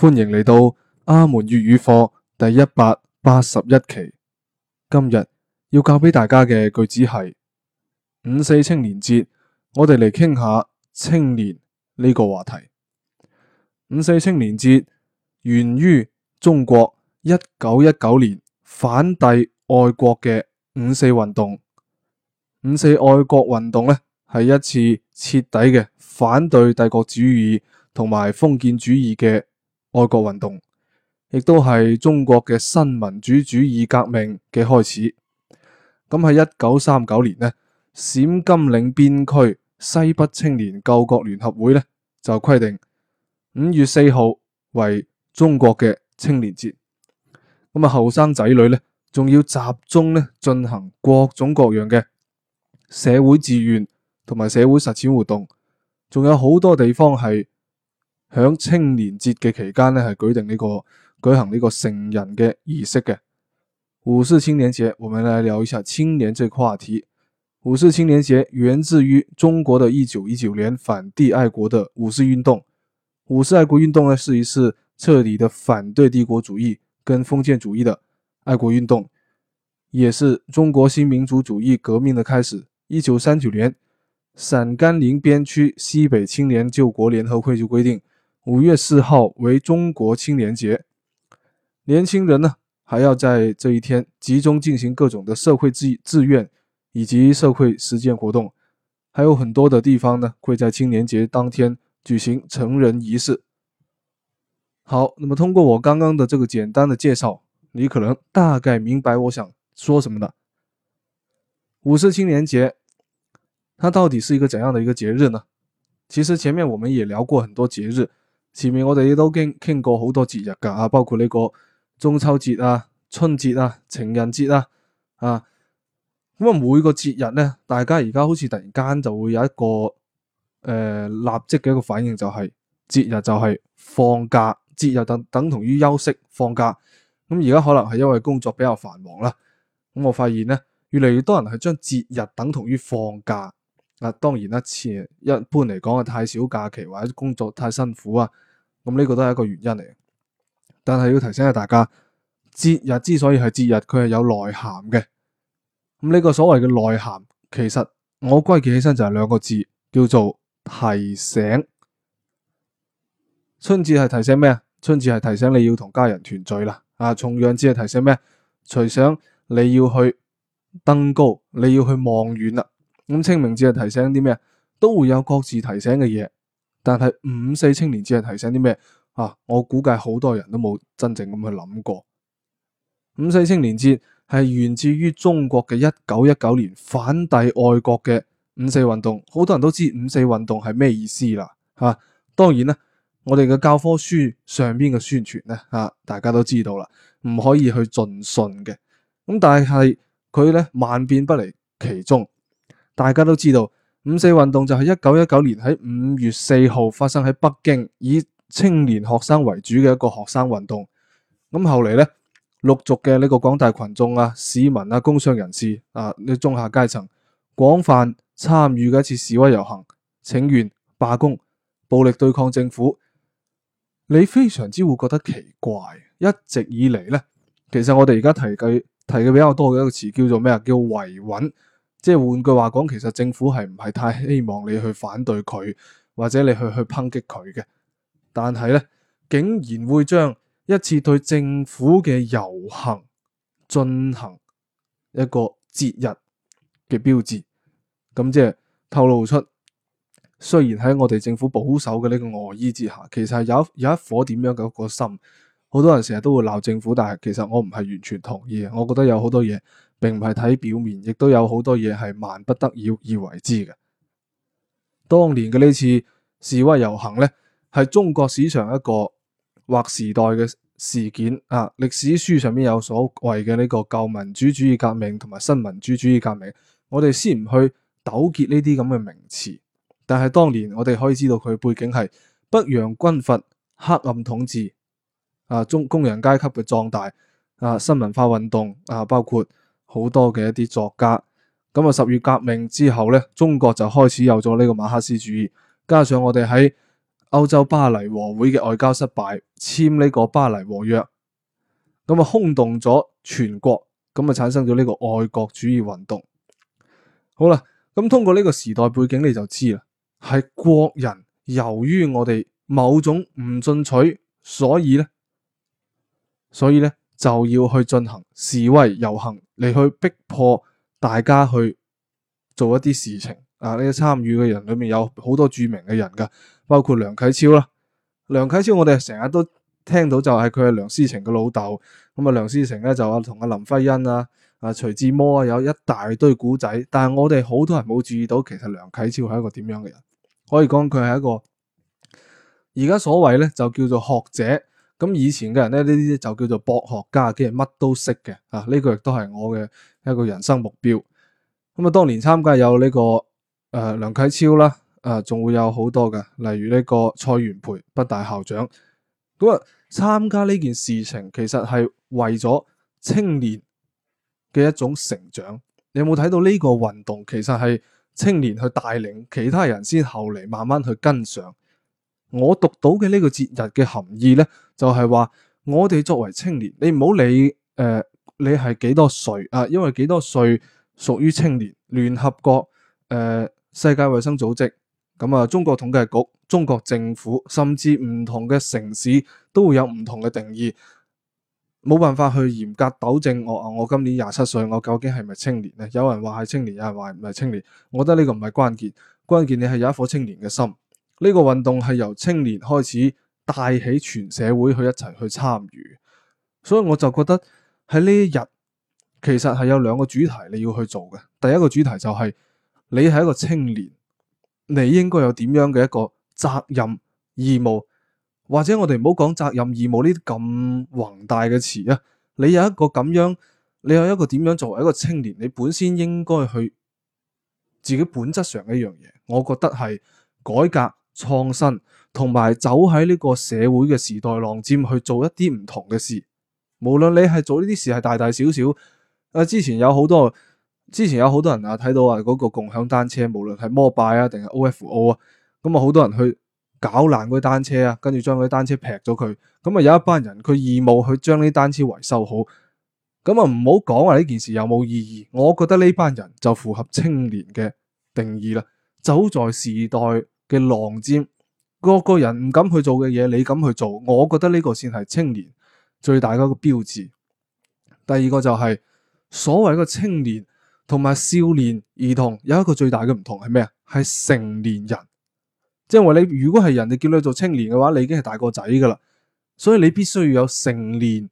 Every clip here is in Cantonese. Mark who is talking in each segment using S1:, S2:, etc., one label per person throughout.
S1: 歡迎嚟到阿門粵語課第一百八十一期。今日要教俾大家嘅句子係五四青年節，我哋嚟傾下青年呢個話題。五四青年節源於中國一九一九年反帝愛國嘅五四運動。五四愛國運動呢，係一次徹底嘅反對帝國主義同埋封建主義嘅。愛國運動亦都係中國嘅新民主主義革命嘅開始。咁喺一九三九年呢，陝甘寧邊區西北青年救國聯合會呢就規定五月四號為中國嘅青年節。咁啊，後生仔女呢，仲要集中呢進行各種各樣嘅社會志願同埋社會實踐活動，仲有好多地方係。響青年節嘅期間呢，係舉定、這個、舉行呢個成人嘅儀式嘅。五四青年節，我哋嚟聊一下「青年」呢個話題。五四青年節源自於中國嘅一九一九年反帝愛國的五四運動。五四愛國運動呢，是一次徹底的反對帝國主義跟封建主義的愛國運動，也是中國新民主主義革命的開始。一九三九年，陝甘寧邊區西北青年救國聯合會就規定。五月四號為中國青年節，年輕人呢，還要在這一天集中進行各種的社會志志願以及社會實踐活動，還有很多的地方呢，會在青年節當天舉行成人儀式。好，那麼通過我剛剛的這個簡單的介紹，你可能大概明白我想說什麼了。五四青年節，它到底是一個怎樣的一個節日呢？其實前面我們也聊過很多節日。前面我哋都傾傾過好多節日噶，啊，包括呢個中秋節啊、春節啊、情人節啦、啊，啊，咁啊每個節日咧，大家而家好似突然間就會有一個誒、呃、立即嘅一個反應，就係節日就係放假，節日等等同於休息放假。咁而家可能係因為工作比較繁忙啦，咁我發現咧，越嚟越多人係將節日等同於放假。啊，當然啦、啊，前一般嚟講係太少假期或者工作太辛苦啊。咁呢個都係一個原因嚟嘅，但係要提醒下大家，節日之所以係節日，佢係有內涵嘅。咁呢個所謂嘅內涵，其實我歸結起身就係兩個字，叫做提醒。春節係提醒咩啊？春節係提醒你要同家人團聚啦。啊，重陽節係提醒咩？除想你要去登高，你要去望遠啦。咁清明節係提醒啲咩啊？都會有各自提醒嘅嘢。但係五四青年節係提醒啲咩啊？我估計好多人都冇真正咁去諗過。五四青年節係源自於中國嘅一九一九年反帝愛國嘅五四運動，好多人都知五四運動係咩意思啦。吓、啊，當然啦，我哋嘅教科書上邊嘅宣傳咧，吓、啊、大家都知道啦，唔可以去盡信嘅。咁但係佢咧萬變不離其宗，大家都知道。五四運動就係一九一九年喺五月四號發生喺北京，以青年學生為主嘅一個學生運動。咁後嚟咧，陸續嘅呢個廣大群眾啊、市民啊、工商人士啊、呢中下階層廣泛參與嘅一次示威遊行、請願、罷工、暴力對抗政府。你非常之會覺得奇怪，一直以嚟咧，其實我哋而家提嘅提嘅比較多嘅一個詞叫做咩啊？叫維穩。維穩。即係換句話講，其實政府係唔係太希望你去反對佢，或者你去去抨擊佢嘅，但係咧竟然會將一次對政府嘅遊行進行一個節日嘅標誌，咁即係透露出雖然喺我哋政府保守嘅呢個外、呃、衣之下，其實係有一有一顆點樣嘅一個心。好多人成日都會鬧政府，但係其實我唔係完全同意。我覺得有好多嘢並唔係睇表面，亦都有好多嘢係萬不得已而為之嘅。當年嘅呢次示威遊行咧，係中國史上一個劃時代嘅事件啊！歷史書上面有所謂嘅呢個舊民主主義革命同埋新民主主義革命。我哋先唔去糾結呢啲咁嘅名詞，但係當年我哋可以知道佢背景係北洋軍閥黑暗統治。啊！中工人階級嘅壯大，啊！新文化運動，啊！包括好多嘅一啲作家。咁啊，十月革命之後咧，中國就開始有咗呢個馬克思主義。加上我哋喺歐洲巴黎和會嘅外交失敗，簽呢個巴黎和約，咁啊，轟動咗全國，咁啊，產生咗呢個愛國主義運動。好啦，咁啊，通過呢個時代背景你就知啦，係國人由於我哋某種唔進取，所以咧。所以咧就要去進行示威遊行嚟去逼迫大家去做一啲事情啊！呢個參與嘅人裏面有好多著名嘅人噶，包括梁啟超啦。梁啟超我哋成日都聽到就係佢係梁思成嘅老豆。咁、嗯、啊，梁思成咧就話同阿林徽因啊、啊徐志摩啊有一大堆古仔。但係我哋好多人冇注意到，其實梁啟超係一個點樣嘅人？可以講佢係一個而家所謂咧就叫做學者。咁以前嘅人咧，呢啲就叫做博學家，即係乜都識嘅啊！呢、這個亦都係我嘅一個人生目標。咁啊，當年參加有呢、這個誒、呃、梁啟超啦，誒、啊、仲會有好多嘅，例如呢個蔡元培北大校長。咁啊，參加呢件事情其實係為咗青年嘅一種成長。你有冇睇到呢個運動其實係青年去帶領其他人，先後嚟慢慢去跟上？我讀到嘅呢個節日嘅含義咧，就係、是、話我哋作為青年，你唔好理誒、呃，你係幾多歲啊、呃？因為幾多歲屬於青年。聯合國、誒、呃、世界衛生組織，咁、呃、啊中國統計局、中國政府，甚至唔同嘅城市都會有唔同嘅定義，冇辦法去嚴格糾正我啊！我今年廿七歲，我究竟係咪青年咧？有人話係青年，有人話唔係青年。我覺得呢個唔係關鍵，關鍵你係有一顆青年嘅心。呢個運動係由青年開始帶起全社會去一齊去參與，所以我就覺得喺呢一日，其實係有兩個主題你要去做嘅。第一個主題就係你係一個青年，你應該有點樣嘅一個責任義務，或者我哋唔好講責任義務呢啲咁宏大嘅詞啊。你有一個咁樣，你有一個點樣作為一個青年，你本身應該去自己本質上嘅一樣嘢，我覺得係改革。創新同埋走喺呢個社會嘅時代浪尖去做一啲唔同嘅事，無論你係做呢啲事係大大小小。啊，之前有好多，之前有好多人啊，睇到啊嗰、那個共享單車，無論係摩拜啊定係 OFO 啊，咁啊好多人去搞爛嗰啲單車啊，跟住將嗰啲單車劈咗佢。咁、嗯、啊有一班人，佢義務去將呢啲單車維修好。咁、嗯嗯、啊唔好講話呢件事有冇意義，我覺得呢班人就符合青年嘅定義啦，走在時代嘅浪尖，個個人唔敢去做嘅嘢，你敢去做。我覺得呢個先係青年最大嘅一個標誌。第二個就係所謂一個青年同埋少年兒童有一個最大嘅唔同係咩啊？係成年人。即係話你如果係人哋叫你做青年嘅話，你已經係大個仔㗎喇，所以你必須要有成年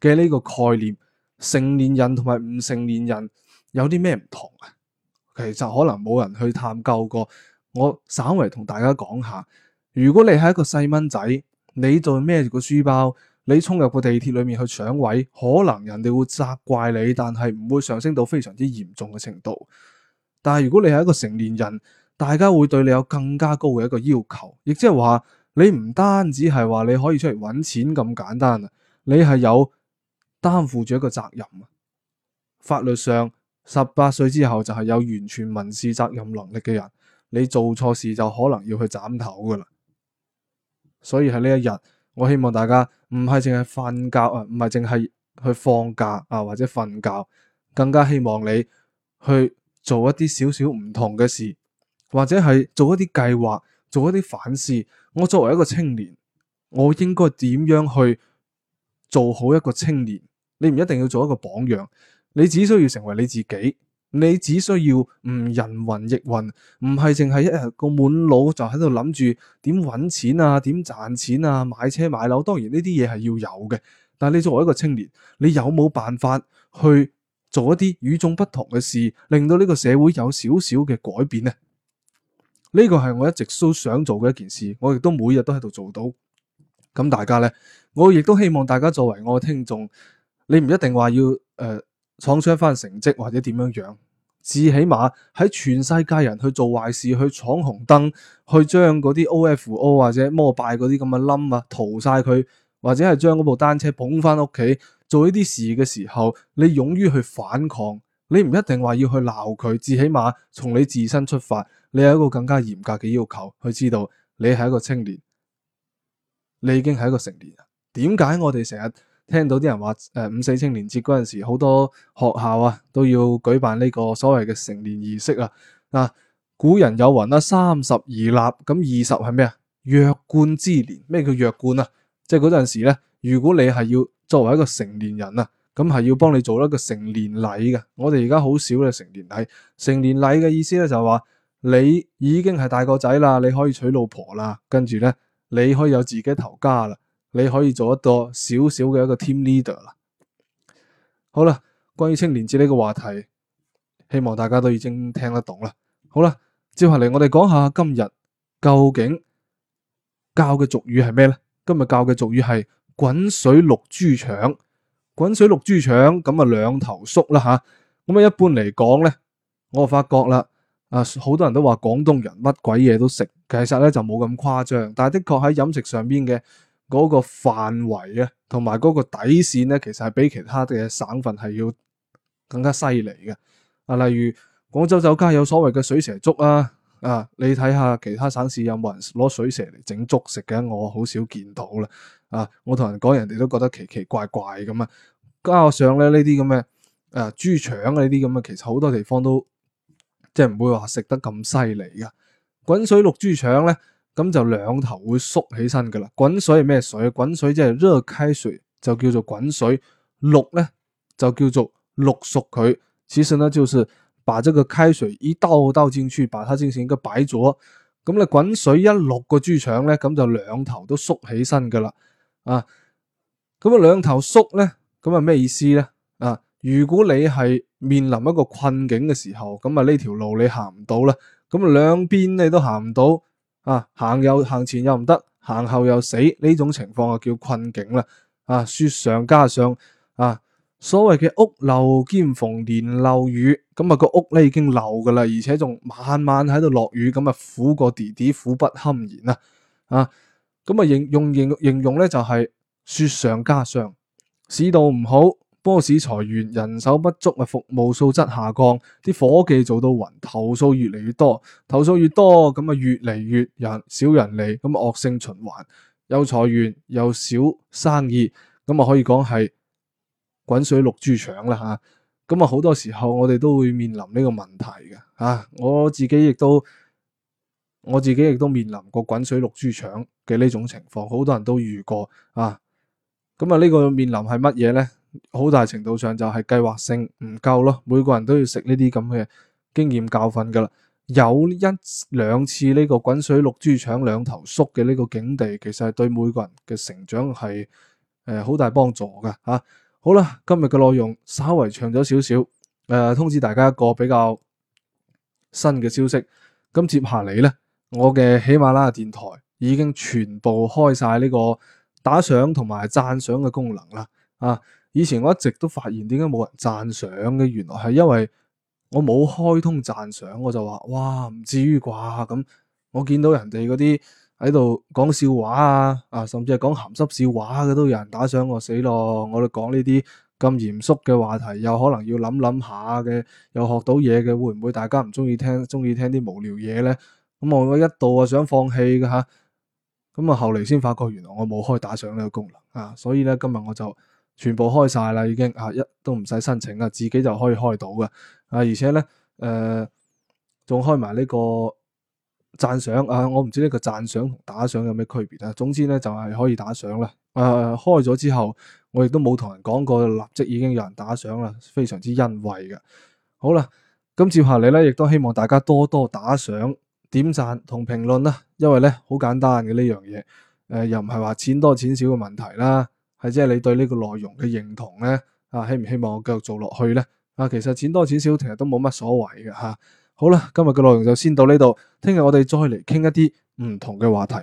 S1: 嘅呢個概念。成年人同埋唔成年人有啲咩唔同啊？其實可能冇人去探究過。我稍微同大家講下，如果你係一個細蚊仔，你就孭住個書包，你衝入個地鐵裏面去搶位，可能人哋會責怪你，但係唔會上升到非常之嚴重嘅程度。但係如果你係一個成年人，大家會對你有更加高嘅一個要求，亦即係話你唔單止係話你可以出嚟搵錢咁簡單啊，你係有擔負住一個責任啊。法律上，十八歲之後就係有完全民事責任能力嘅人。你做錯事就可能要去斬頭噶啦，所以喺呢一日，我希望大家唔係淨係瞓覺啊，唔係淨係去放假啊或者瞓覺，更加希望你去做一啲少少唔同嘅事，或者係做一啲計劃，做一啲反思。我作為一個青年，我應該點樣去做好一個青年？你唔一定要做一個榜樣，你只需要成為你自己。你只需要唔人云亦云，唔係淨係一個滿腦就喺度諗住點搵錢啊，點賺錢啊，買車買樓。當然呢啲嘢係要有嘅，但係你作為一個青年，你有冇辦法去做一啲與眾不同嘅事，令到呢個社會有少少嘅改變呢？呢個係我一直都想做嘅一件事，我亦都每日都喺度做到。咁大家咧，我亦都希望大家作為我嘅聽眾，你唔一定話要誒。呃闖出一番成績，或者點樣樣，至起碼喺全世界人去做壞事、去闖紅燈、去將嗰啲 OFO 或者摩拜嗰啲咁嘅冧啊，逃晒佢，或者係將嗰部單車捧翻屋企做呢啲事嘅時候，你勇於去反抗，你唔一定話要去鬧佢，至起碼從你自身出發，你有一個更加嚴格嘅要求，去知道你係一個青年，你已經係一個成年人。點解我哋成日？聽到啲人話誒、呃、五四青年節嗰陣時，好多學校啊都要舉辦呢個所謂嘅成年儀式啊。嗱、啊，古人有云啦、啊，三十而立，咁二十係咩啊？弱冠之年，咩叫弱冠啊？即係嗰陣時咧，如果你係要作為一個成年人啊，咁係要幫你做一個成年禮嘅。我哋而家好少啦，成年禮。成年禮嘅意思咧就係話，你已經係大個仔啦，你可以娶老婆啦，跟住咧你可以有自己頭家啦。你可以做一個小小嘅一個 team leader 啦。好啦，關於青年節呢個話題，希望大家都已經聽得懂啦。好啦，接下嚟我哋講下今日究竟教嘅俗語係咩咧？今日教嘅俗語係滾水碌豬腸，滾水碌豬腸咁啊，兩頭縮啦吓。咁啊一般嚟講咧，我發覺啦，啊，好多人都話廣東人乜鬼嘢都食，其實咧就冇咁誇張，但係的確喺飲食上邊嘅。嗰個範圍啊，同埋嗰個底線咧，其實係比其他嘅省份係要更加犀利嘅。啊，例如廣州酒家有所謂嘅水蛇粥啊，啊，你睇下其他省市有冇人攞水蛇嚟整粥食嘅？我好少見到啦。啊，我同人講，人哋都覺得奇奇怪怪咁啊。加上咧呢啲咁嘅誒豬腸嘅呢啲咁嘅，其實好多地方都即係唔會話食得咁犀利㗎。滾水淥豬腸咧。咁就兩頭會縮起身噶啦。滾水係咩水啊？滾水即係熱開水，就叫做滾水。渌咧就叫做渌熟佢。其實呢，就是把這個開水一倒倒進去，把它進行一個白灼。咁你滾水一渌個豬腸咧，咁就兩頭都縮起身噶啦。啊，咁啊兩頭縮咧，咁啊咩意思咧？啊，如果你係面臨一個困境嘅時候，咁啊呢條路你行唔到啦，咁兩邊你都行唔到。啊，行又行前又唔得，行後又死，呢種情況啊叫困境啦。啊，雪上加霜。啊，所謂嘅屋漏兼逢連漏雨，咁啊個屋咧已經漏噶啦，而且仲晚晚喺度落雨，咁啊苦過弟弟苦不堪言啦。啊，咁啊用用形容咧就係雪上加霜，市道唔好。波士裁員，人手不足，咪服務素質下降，啲伙計做到暈，投訴越嚟越多，投訴越多，咁咪越嚟越人少人嚟，咁惡性循環，又裁員又少生意，咁啊可以講係滾水淥豬腸啦吓，咁啊好多時候我哋都會面臨呢個問題嘅，啊我自己亦都我自己亦都面臨過滾水淥豬腸嘅呢種情況，好多人都遇過啊，咁啊呢個面臨係乜嘢呢？好大程度上就係計劃性唔夠咯，每個人都要食呢啲咁嘅經驗教訓噶啦。有一兩次呢個滾水渌豬腸兩頭縮嘅呢個境地，其實係對每個人嘅成長係誒好大幫助噶吓、啊。好啦，今日嘅內容稍微長咗少少，誒、呃、通知大家一個比較新嘅消息。咁接下嚟呢，我嘅喜馬拉雅電台已經全部開晒呢個打賞同埋讚賞嘅功能啦，啊！以前我一直都發現點解冇人讚賞嘅，原來係因為我冇開通讚賞，我就話哇唔至於啩咁、嗯。我見到人哋嗰啲喺度講笑話啊，啊甚至係講鹹濕笑話嘅都有人打賞我死咯！我哋講呢啲咁嚴肅嘅話題，又可能要諗諗下嘅，又學到嘢嘅，會唔會大家唔中意聽？中意聽啲無聊嘢咧？咁、嗯、我一度啊想放棄嘅吓，咁啊、嗯、後嚟先發覺原來我冇開打賞呢個功能啊，所以咧今日我就。全部開晒啦，已經啊一都唔使申請啦，自己就可以開到㗎啊！而且咧，誒、呃，仲開埋呢個讚賞啊！我唔知呢個讚賞同打賞有咩區別啊。總之咧，就係、是、可以打賞啦。誒、啊，開咗之後，我亦都冇同人講過，立即已經有人打賞啦，非常之欣慰嘅。好啦，咁接下嚟咧，亦都希望大家多多打賞、點讚同評論啦，因為咧好簡單嘅呢樣嘢，誒、呃，又唔係話錢多錢少嘅問題啦。係即係你對呢個內容嘅認同咧，啊，希唔希望我繼續做落去咧？啊，其實錢多錢少，其實都冇乜所謂嘅吓，啊。好啦，今日嘅內容就先到呢度，聽日我哋再嚟傾一啲唔同嘅話題。